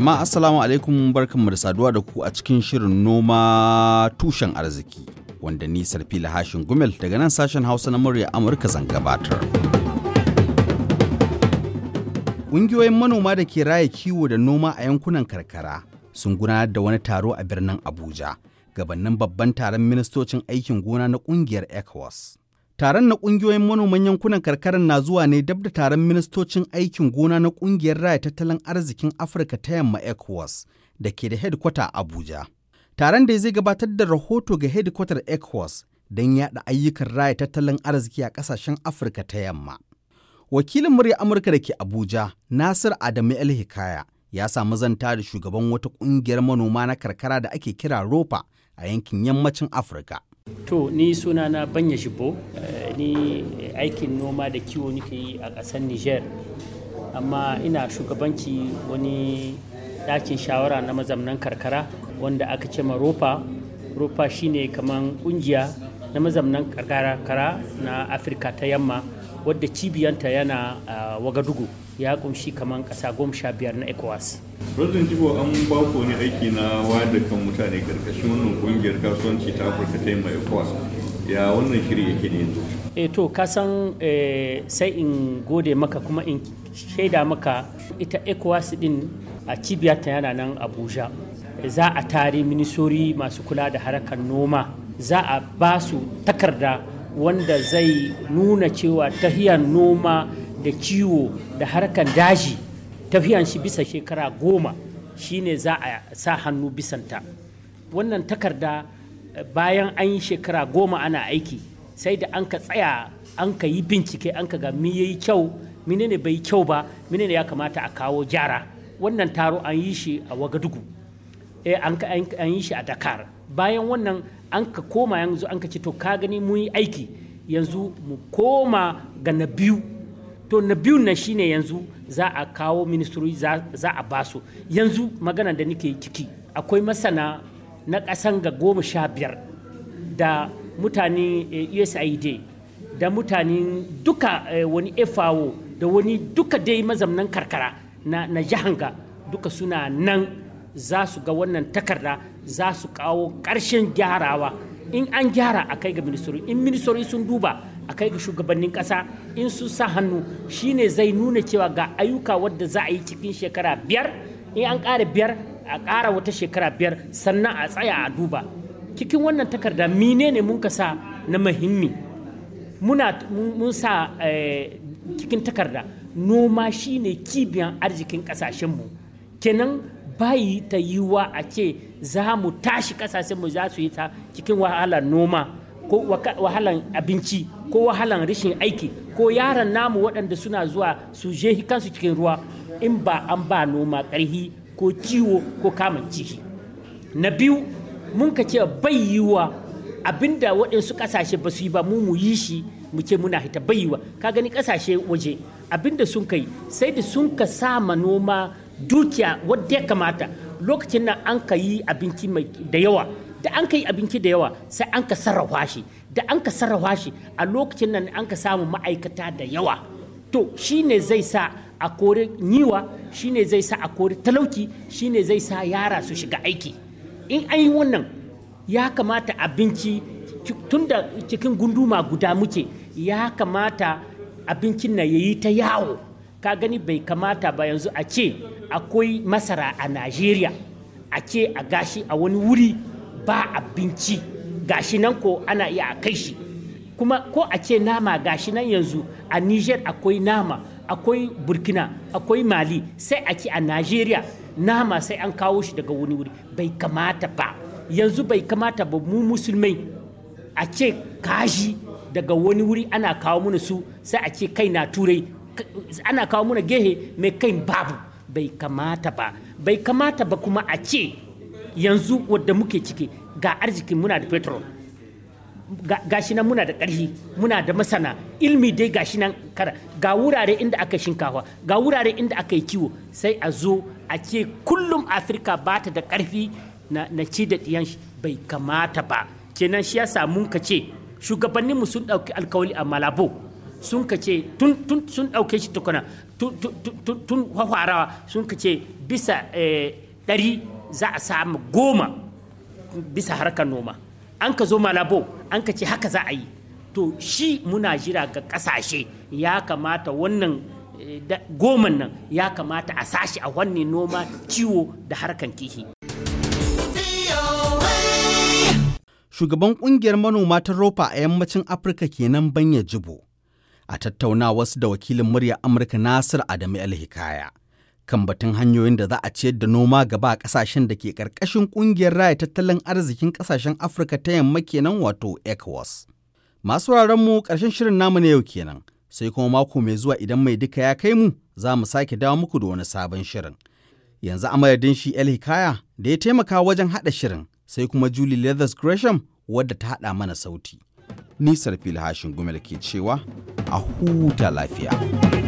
Jama'a Assalamu alaikum barkanmu da saduwa da ku a cikin shirin noma tushen arziki wanda ni sarfi hashin gumel daga nan sashen hausa na murya Amurka zan gabatar. Ƙungiyoyin manoma da ke raya kiwo da noma a yankunan karkara sun gudanar da wani taro a birnin Abuja gabanin babban taron ministocin aikin gona na ƙungiyar ECOWAS. Taron na ƙungiyoyin manoman yankunan karkarar na zuwa ne dab da taron ministocin aikin gona na ƙungiyar raya tattalin arzikin Afirka ta yamma ECOWAS da ke da hedikwata Abuja. Taron da zai gabatar da rahoto ga hedikwatar ECOWAS don yaɗa ayyukan raya tattalin arziki a ƙasashen Afirka ta yamma. Wakilin murya Amurka da ke Abuja, Nasir Adamu El Hikaya, ya samu zanta da shugaban wata ƙungiyar manoma na karkara da ake kira ropa a yankin yammacin Afirka. To ni suna na Banya Shibo, eh, ni eh, aikin noma da kiwo nake yi a ƙasar Niger. Amma ina shugabanci wani ɗakin shawara na mazamnan karkara wanda aka ce ma ROPA. ROPA shine kaman ƙungiya na mazamnan karkara na Afirka ta yamma wadda cibiyanta yana a ah, Wagadugu. ya kunshi kamar ƙasa goma sha biyar na ecowas Rajin Jibo an ba ne aiki na wayar da kan mutane karkashin wannan kungiyar kasuwanci ta Afirka ta ma ECOWAS. Ya wannan shiri yake ne yanzu? E to ka san eh, sai in gode maka kuma in shaida maka ita ECOWAS din a cibiyar ta yana nan Abuja. Za a tare minisori masu kula da harkar noma za a ba su takarda wanda zai nuna cewa tahiyar noma da ciwo da harkar daji tafiyan shi bisa shekara goma shine za a sa hannu bisanta wannan takarda eh, bayan an yi shekara goma ana aiki sai da an ka tsaya an ka yi bincike an ka ga mi yayi kyau menene bai kyau ba menene ya kamata a kawo jara wannan taro an yi shi a wagadugu eh, an yi shi a dakar bayan wannan an ka koma yanzu an ka ce to ka gani mun yi aiki yanzu mu koma ga na biyu to na biyu na shine yanzu za a kawo ministry za a basu yanzu magana da nake ciki akwai masana na kasan ga goma sha biyar da mutane eh, usaid da mutane duka eh, wani fao da wani duka dai mazamnan karkara na, na jihanga duka suna nan za su ga wannan takarda za su kawo ƙarshen gyarawa in an gyara a kai ga ministry in ministori sun duba a kai ga shugabannin ƙasa in su sa hannu shine zai nuna cewa ga ayyuka wadda za a yi cikin shekara biyar in an ƙara biyar a ƙara wata shekara biyar sannan a tsaya a duba cikin wannan takarda mine ne mun kasa na muhimmi muna mun sa eh, cikin takarda noma shine kibiyan arzikin ƙasashenmu kenan bayi ta yiwa a ce za mu tashi ƙasashenmu za su yi ta cikin wahalar noma ko wahalar abinci ko wahalan rashin aiki ko yaran namu waɗanda suna zuwa su je kansu cikin ruwa in ba an ba noma ƙarhi ko ciwo ko kamun ciki na biyu mun ka ce bai yiwa abinda waɗansu ƙasashe ba su yi ba mu mu yi shi mu ce muna hita bai yiwa ka gani ƙasashe waje abinda sun kai sai da sun ka sa ma noma dukiya wadda ya kamata lokacin nan an ka yi abinci da yawa da an kai abinci da yawa sai an ka sarrafa shi da an ka sarrafa shi a lokacin nan an ka samu ma'aikata da yawa to shine zai sa a kori yiwa shine zai sa a kori shi shine zai sa yara su shiga aiki in an yi wannan ya kamata abinci tun da cikin gunduma guda muke ya kamata abincin na yayi ta yawo ka gani bai kamata ba yanzu a ce akwai masara a najeriya a ce a gashi a wani wuri ba abinci gashi nan ko ana iya a kai shi kuma ko a ce nama gashi nan yanzu a niger akwai nama akwai burkina akwai mali sai a ce a nigeria nama sai an kawo shi daga wani wuri bai kamata ba yanzu bai kamata ba mu musulmai a ce kashi daga wani wuri ana kawo mana su sai a ce kai na turai ana kawo mana gehe mai kai babu bai kamata ba bai kamata ba kuma a ce yanzu wadda muke ciki ga arziki muna da petrol shi nan muna da ƙarfi muna da masana ilmi dai gashi nan kara ga wurare inda aka shinkafa ga wurare inda aka yi kiwo sai a zo a ce kullum afirka ba ta da ƙarfi na, ci da ɗiyan bai kamata ba kenan shi yasa mun ka ce shugabanninmu sun ɗauki alkawali a malabo sun ka ce tun, sun ɗauke shi tukuna tun, tun, sun ka ce bisa eh, ɗari za a samu goma bisa harkar noma an ka zo malabo an ka ce haka za a yi to shi muna jira ga kasashe ya kamata wannan eh, goman nan ya kamata a sashi a wannan noma ciwo da harkar kihi shugaban kungiyar manoma ta ropa a yammacin afirka kenan banya jibo a tattauna wasu da wakilin murya amurka nasir adamu alhikaya kan batun hanyoyin da za a ciyar da noma gaba a ƙasashen da ke ƙarƙashin ƙungiyar raya tattalin arzikin ƙasashen Afirka ta yamma kenan wato ECOWAS. Masu mu ƙarshen shirin namu na yau kenan, sai kuma mako mai zuwa idan mai duka ya kai mu za mu sake dawo muku da wani sabon shirin. Yanzu a shi El Hikaya da ya taimaka wajen haɗa shirin, sai kuma Julie Leathers Gresham wadda ta haɗa mana sauti. Nisar filhashin gumel ke cewa a huta lafiya.